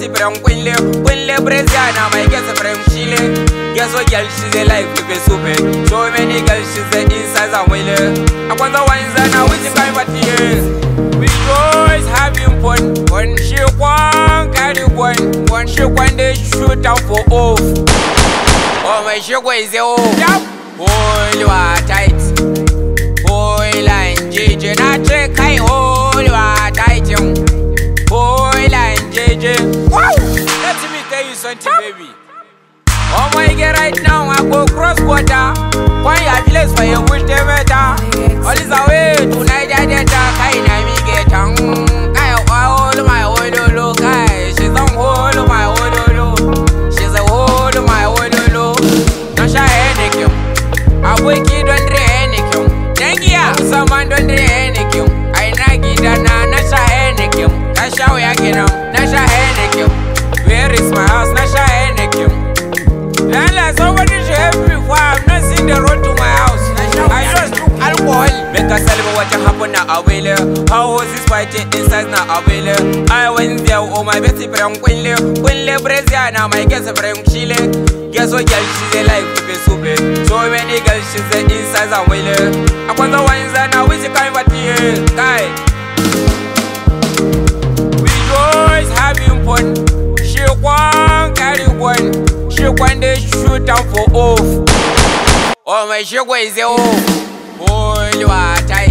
ti prem kwinle Kwinle Braziliana, my girl's from Chile Guess what girl, she's a life with a super So many girls, she's a insides and wheeler I want the ones that now with the kind of tears We always having fun When she want, carry one When she want, they shoot out for off Oh my, she go is a off yep. Hold you are tight Hold and JJ, not check, high oh AJ. Wow. Let me tell you something, baby. One way get right now, I go cross border. Find your place for your wish to better. All is away, tonight I get a wheeler. How was this fighting inside now a wheeler? I went there, oh my best friend Quinley. Quinley Brazil, now my guest friend Chile. Guess what girl she's a life to be super. So many girls she's a inside a wheeler. I want the ones that now is a kind of tea. Guy. We always having fun. She one carry one. She one shoot down for off. Oh my she is a off. Oh, you are tight.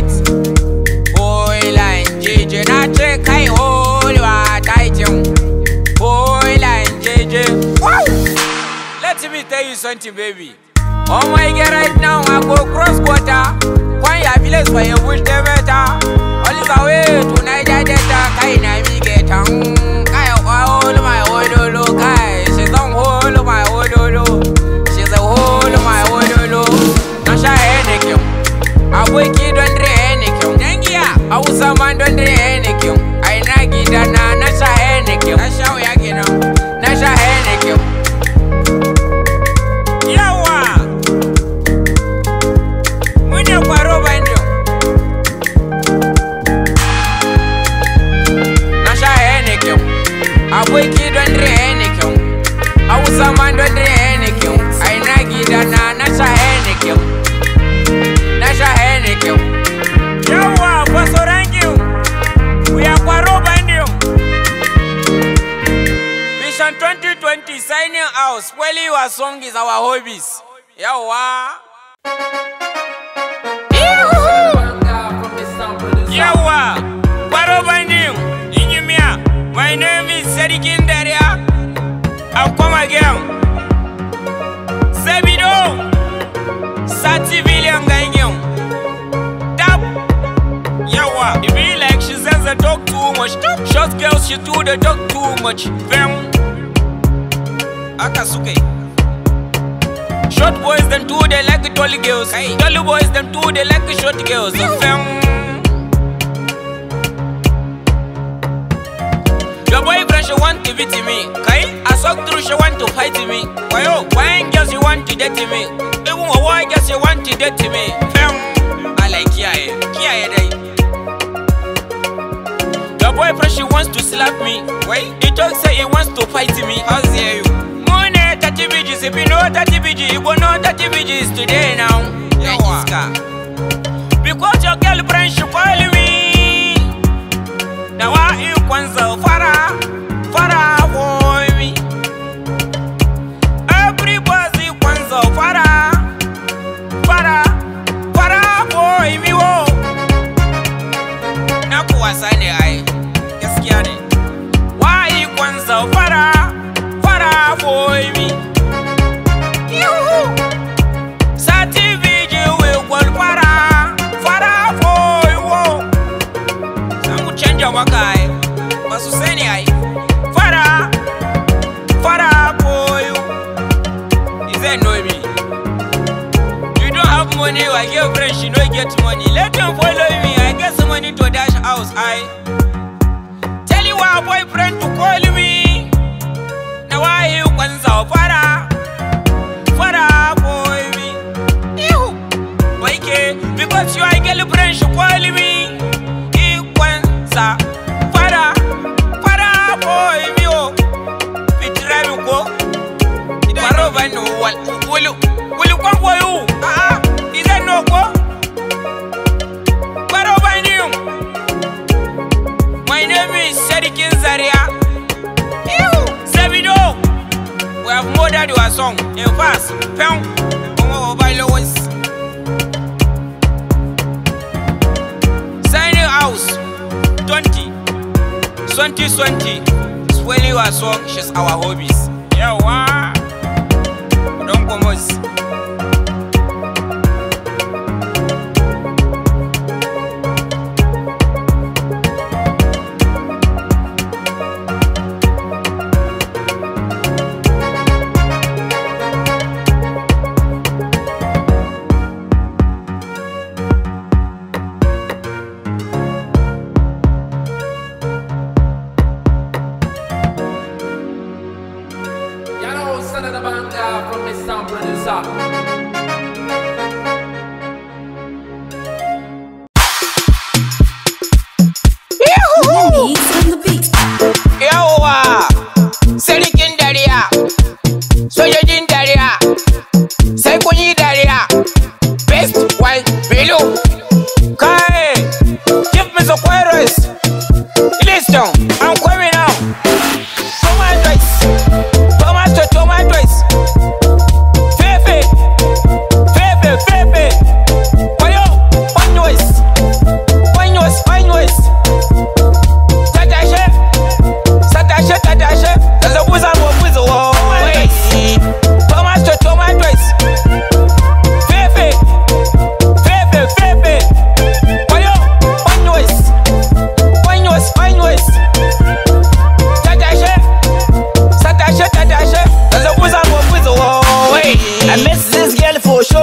Oh, let me tell you something baby on oh my get right now i go cross quarter when your village for your bush dey better is away. dining house, while your song is our hobbies. Yawa. Yawa. Baro Banding, Inyumia. My name is Sadikin Daria. I'll come again. Sabido. Sati William Ganyong. Tap. Yawa. It be like she says I talk too much. Short girls, she do the talk too much. Them. Akasuke. Short boys them too, they like tall girls. Hey. Tall boys them too, they like short girls. Fem. Your boyfriend she want to beat me, kai. I suck through she want to fight me. Why yo? Oh, why girls you want to date me? Even why girls you want to date me? Fem. I like kiaye, kiaye day. Your boyfriend she wants to slap me. Why? He talk say he wants to fight me. How's you? bg, sipping no that TVG, you go no 30 today now. Yeah, because your branch she calling me. Now why you kwanza fara. father apoyo is that you don't have money your girlfriend she no get money let them follow me i get some money to dash house i tell you our boyfriend to call me na waye kwanza fara fara boy me ihu boy ke call me song e bass pão como bailo Sign your house 20 2020 Swell your song she's our hobbies yeah wow don't come us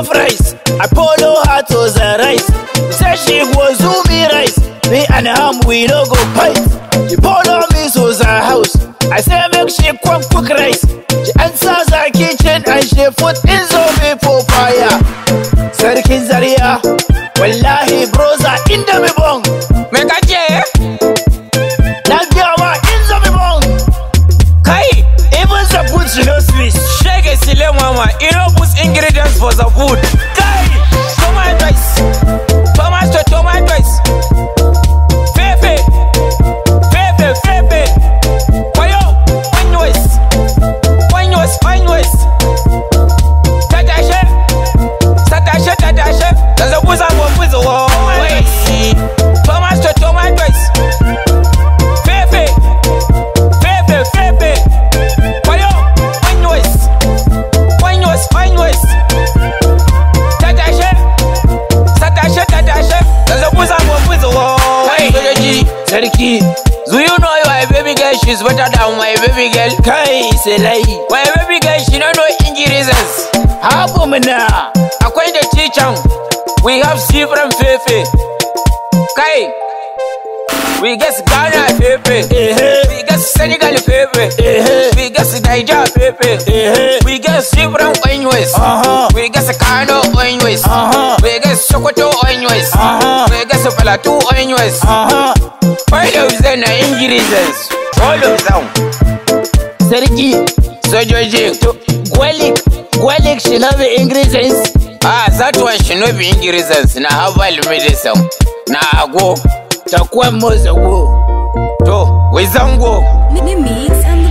fries. Apollo heart was a rice. Say she was zoom rice. Me and him we no go fight. She on me so the house. I say make she cook cook rice. She enters the kitchen and she put in zombie owó wẹ̀ Thomas tó tó máa gbèsè. Fèfè fèfè fèfè wáyọ̀ do you know why baby girl she's better than my baby girl? Kai like. Niger people. We get several onions. We get the kind of onions. We get Sokoto onions. We get the Palatu onions. All of them are ingredients. All of them. Sergi, Sojoji, Gwelik, Gwelik, she love the ingredients. Ah, that one she know the ingredients. Now, how about medicine? Now, I go. Takwa mozo go. To, wezango. Mimi, mimi,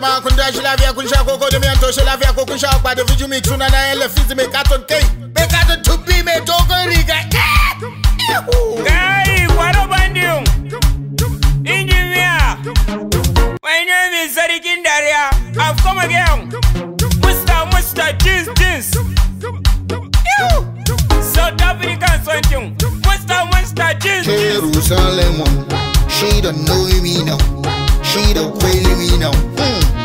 jama kun da shi lafiya kun sha koko da miyan toshe lafiya ko kun sha kwado fiji mai tuna na yan lafi mai katon kai She the queen, we know. Mm.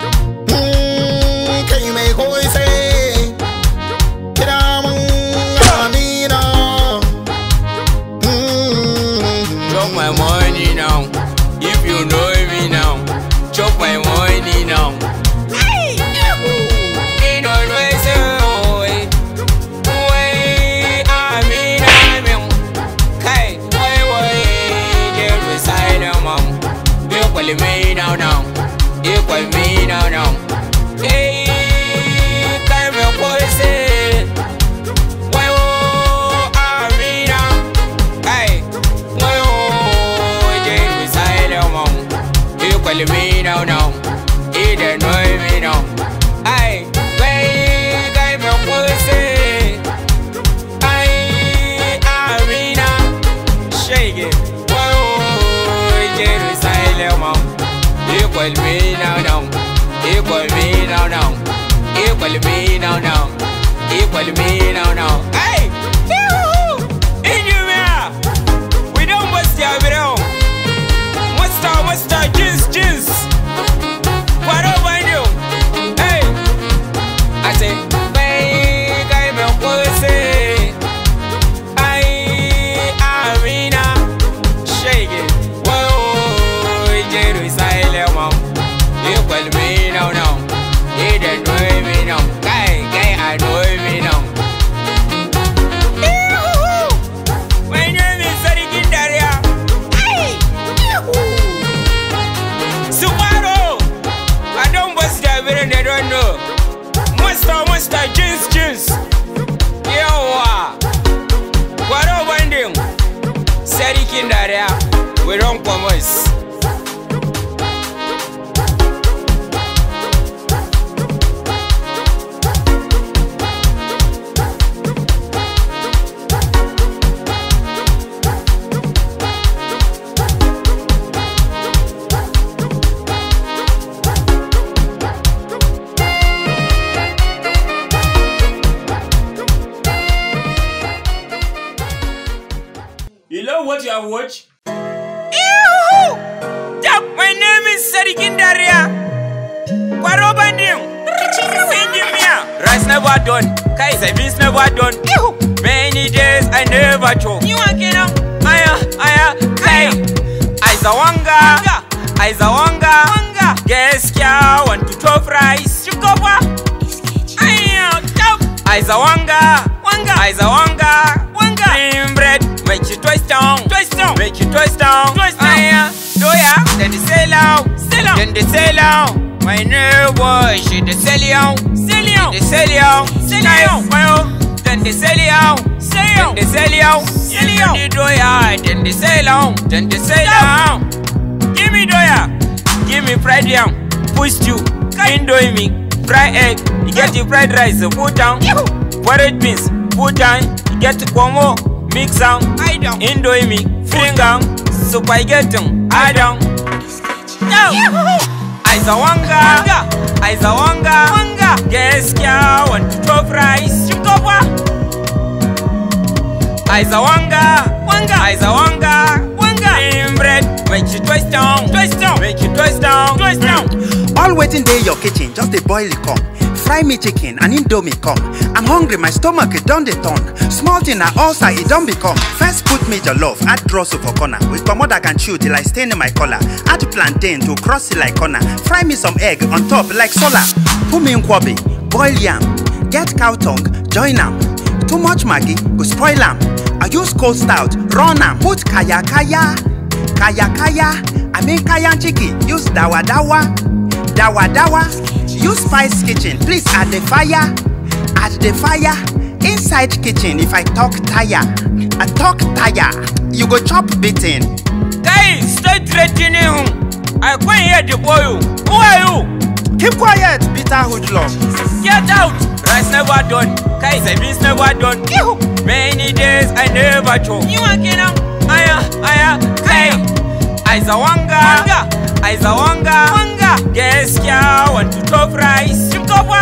Equal me now now. Equal me now now. Equal me now now. Equal me now now. Hey! verão com a voz. you know what you have Sarkin sarkin dariya Kwaro bandin Singing me out Rice never done Kai say beans never done Many days I never choke You want get up Aya, aya, kai Aiza wanga Aiza wanga Wanga Guess Gaskiya want to chop rice Shukopa Aya, chop. Aiza wanga Wanga Aiza wanga Wanga Cream bread Make you twice down twice down Make you twice down twice down Aya ya, then they sell out, sell out, then they sell out. My new she the sell out, sell out, they sail out, sail out. Well, then they sail out, sail out, they sell out, sell out. The doya, then they sell out, then they sell out. Give me doya, give me fried yam, push you, me, fried egg. You get your fried rice, put down. Porridge beans, put down. You get guamo, mix down, indomie, me, finger su kwai getin adon aiza wanga aiza wanga Guess gaskiya wani to price shinkafa aiza wanga aiza wanga bread make you twist down twist down make you twist down twist down mm. all waiting day your kitchen just a boil e come fry me chicken and indomie come i'm hungry my stomach is done the turn small thing na ulcer e don become first put me love, add drosso for corner with comot i can chew till i stain my collar add plantain to cross it like corner fry me some egg on top like solar put me in kwabi, boil yam get cow tongue join am too much maggi go spoil am i use cold stout run am put kaya kaya, kaya kaya. i mean kaya chicken use dawa dawa, dawa dawa use spice kitchen please at the fire at the fire inside kitchen if i talk tire i talk tire you go chop beating. guy stay dredging him i go hear the boy who are you. keep quiet bitter hoodlum. get out rice never done kai service never done. many days i never chop. yíwọ̀n kí náà aya aya kai. Kaya. Aiza wanga wanga Aiza wanga wanga Geskia want to top rice Chimkopwa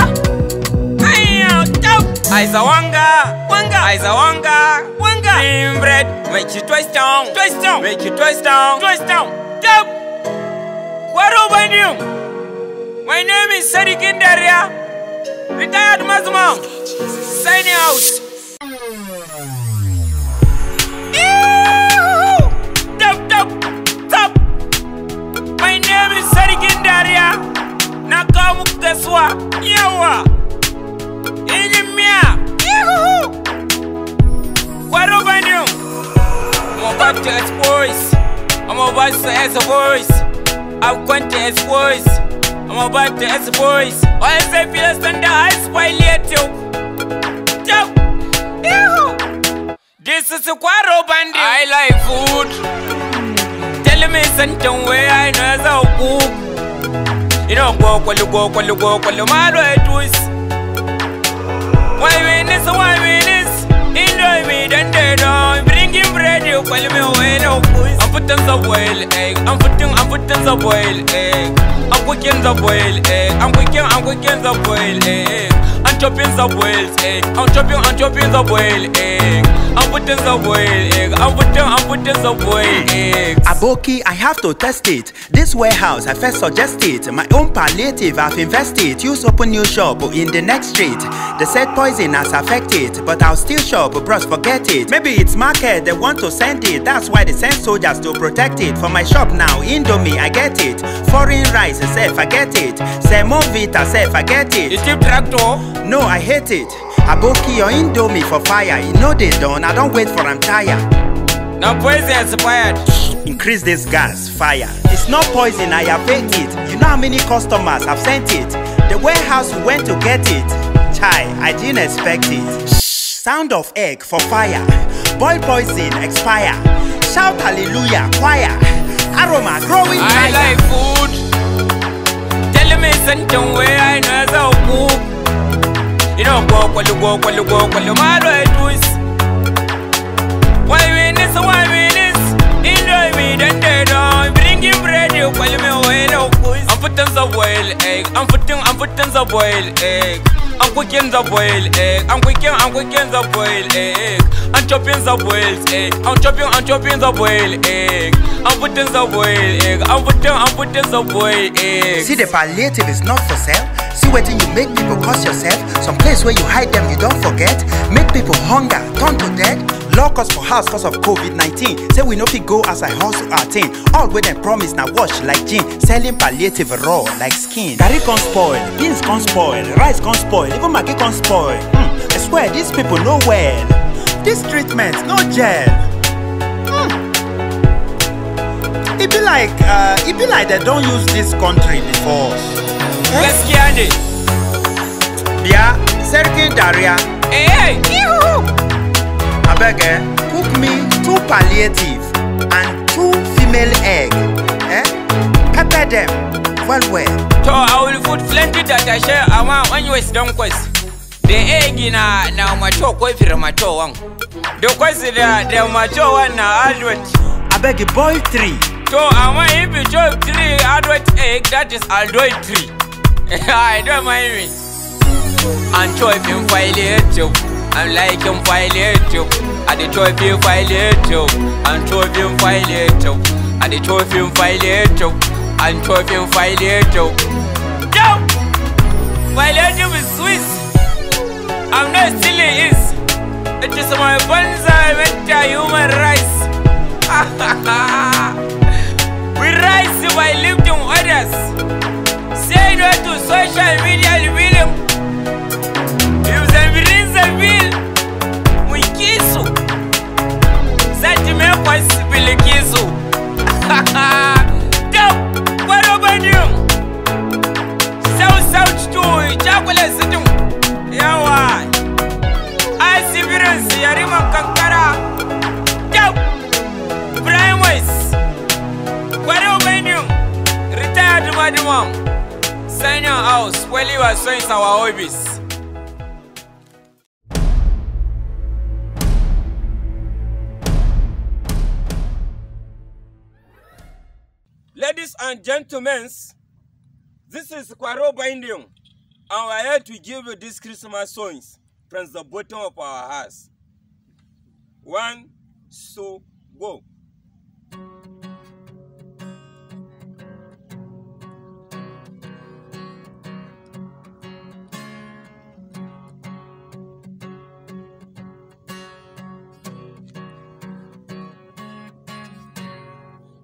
Aya top Aiza wanga wanga Aiza wanga wanga Team bread Make you twist down Twist down Make you twist down Twist down Top Warubandium My name is Sadiq Indaria Retired Mazmum Sign out to us olha All say feelings when the eyes violate you. This is a quarro bandit. I like food. Tell me something where I know as a cook. You know, go, go, go, go, go, go, my way twist. Why we this, why we this? Enjoy me, then they don't. putting the boil egg. Eh? I'm putting, I'm putting the boil egg. Eh? I'm cooking the boil egg. Eh? I'm cooking, I'm cooking the boil egg chopping the whales, egg. Eh. I'm chopping, I'm chopping the whale egg. Eh. I'm putting the whale egg. Eh. I'm putting, I'm putting the whale egg. Aboki, I have to test it. This warehouse, I first suggested. My own palliative, I've invested. Use open new shop in the next street. The said poison has affected, but I'll still shop, bros, forget it. Maybe it's market, they want to send it. That's why they send soldiers to protect it. For my shop now, Indomie, I get it. Foreign rice, I say, forget it. Say Semovita, I say, forget it. Is it. You keep tractor? No, I hate it. Aboki or Indomie for fire. You know they done. I don't wait for I'm tired. No poison expired. Increase this gas, fire. It's not poison, I have ate it. You know how many customers have sent it? The warehouse went to get it. Chai, I didn't expect it. Shh. Sound of egg for fire. Boy poison expire. Shout hallelujah, choir. Aroma growing. I higher. like food. Tell me something where I know how cook. inogokwa lugokwa lugokwa lumalwa etusi wayiwinisa wayiwinisa into ibidendeno e ibiringi ibredi kwalimewele ukuzi amfutinza boyile ek amfutinza boyile ek I'm cooking the boil egg. I'm cooking, I'm cooking the boil egg. I'm chopping the boiled egg. Eh. I'm chopping, I'm chopping the boil egg. Eh. I'm putting the boil egg. I'm putting, I'm putting the boil egg. See the palliative is not for sale. See waiting you make people cost yourself. Some place where you hide them, you don't forget. Make people hunger, turn to death lock us for house cause of covid-19 say we no fit go as i hustle our team. all wey dem promise na wash like gin selling palliative raw like skin garri con spoil beans con spoil rice con spoil even maggi con spoil mm, i swear these people no well This treatment no gel mm. e be like uh, e be like dem don use dis country before Let's get biya sarkin dariya eh hey, abeg eh cook me two palliative and two female egg eh pepper dem well well. So i will put plenty data share amma when you don quest the egg na na mature ko macho one the quest da the macho one na adult. abeg boy three. So I want if you chop three adult egg that is adult three i don't mind me. and chop him file it too. I'm like I'm violate you. I the trophy violate you. I'm trophy violate you. I the trophy violate you. I'm trophy violate you. Yo! Violate you with Swiss. I'm not silly is. It is my bonza meant to human rights. we rise by lifting others. Say no to social media, William. nafasi bilikizo kwaro gwanin sau sau cito jakule sidin yawa a sibirin siyariman kankara kyau primaries kwaro gwanin retired madimum signing house wali wasoyin sawa obis and gentlemen, this is Kwaro Binding, and we are here to give you these Christmas songs from the bottom of our hearts. One, so go.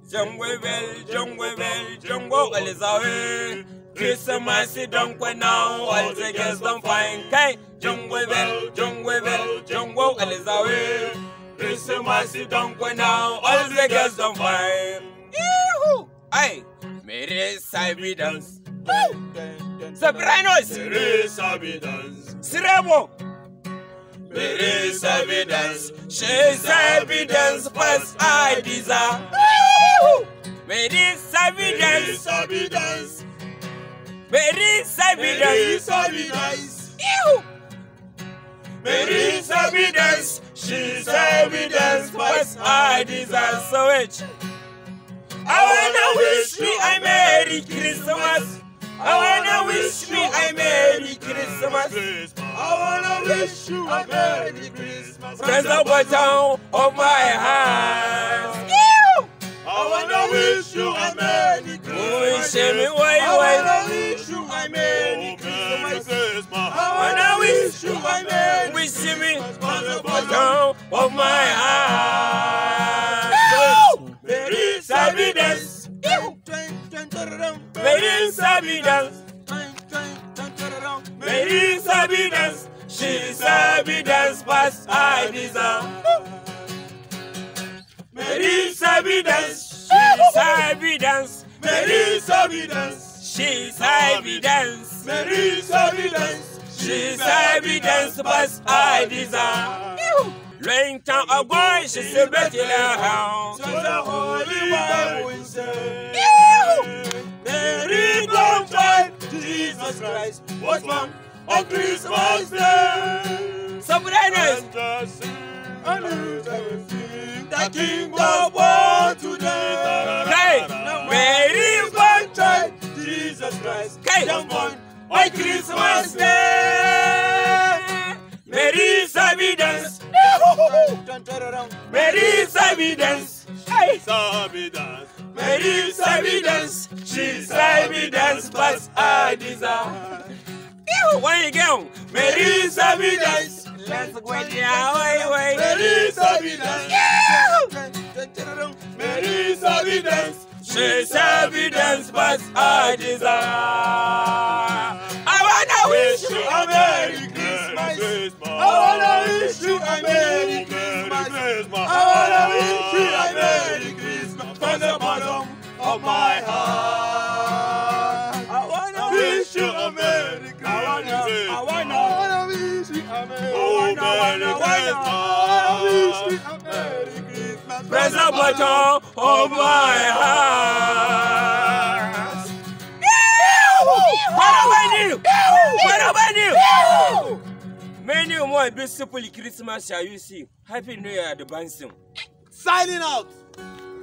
Jangwe bel, jangwe bel, jango alizawe. Christmas don't go now, all the girls don't find Kai. Jangwe bel, jangwe bel, jango alizawe. Christmas don't go now, all the girls don't find. Yoo-hoo! Aye, Mere Sabi dance. Sopranos! Mere Sabi dance. Sirebo! There is evidence, she's evidence, plus I desire. Where is evidence? Where is evidence? Where is evidence? Where is evidence? She's evidence, but I desire so much. I wanna wish me a Merry Christmas. I wanna wish me a Merry Christmas. I wanna wish you a Merry Christmas. Friends, the bottom of my hands to America. Oh, send me way, way. I wish you America. When oh, I wish you man. We see me on the bottom of my heart. There is evidence. There is evidence. There is evidence. She's evidence, but I deserve. There is evidence. She's evidence. Mary's evidence. She's evidence. Mary's evidence. She's evidence, but I desire. Rain a boy, she's a better house. So the Holy Bible says, Mary, don't fight Jesus Christ. What's one on Christmas Day? Some brightness. The king of war today. Kai, where is one child? Jesus Christ. Kai, come on, my Christmas day. There is evidence. do turn around. There is evidence. She's evidence. There is evidence. She's evidence, but I desire. Woo! Where you go? Mary Sabinus. Let's go down. Wait, wait. Mary Sabinus. Yeah! Mary Sabinus. She's evidence but I desire. I wanna wish you a Merry Christmas. I wanna wish you a Merry Christmas. I wanna wish you a Merry Christmas from the bottom of my heart. Merry Christmas. Press the button of my heart. Para o menu! Para o menu! Many more beautiful Christmas shall you see. Happy New Year advancing. Signing out.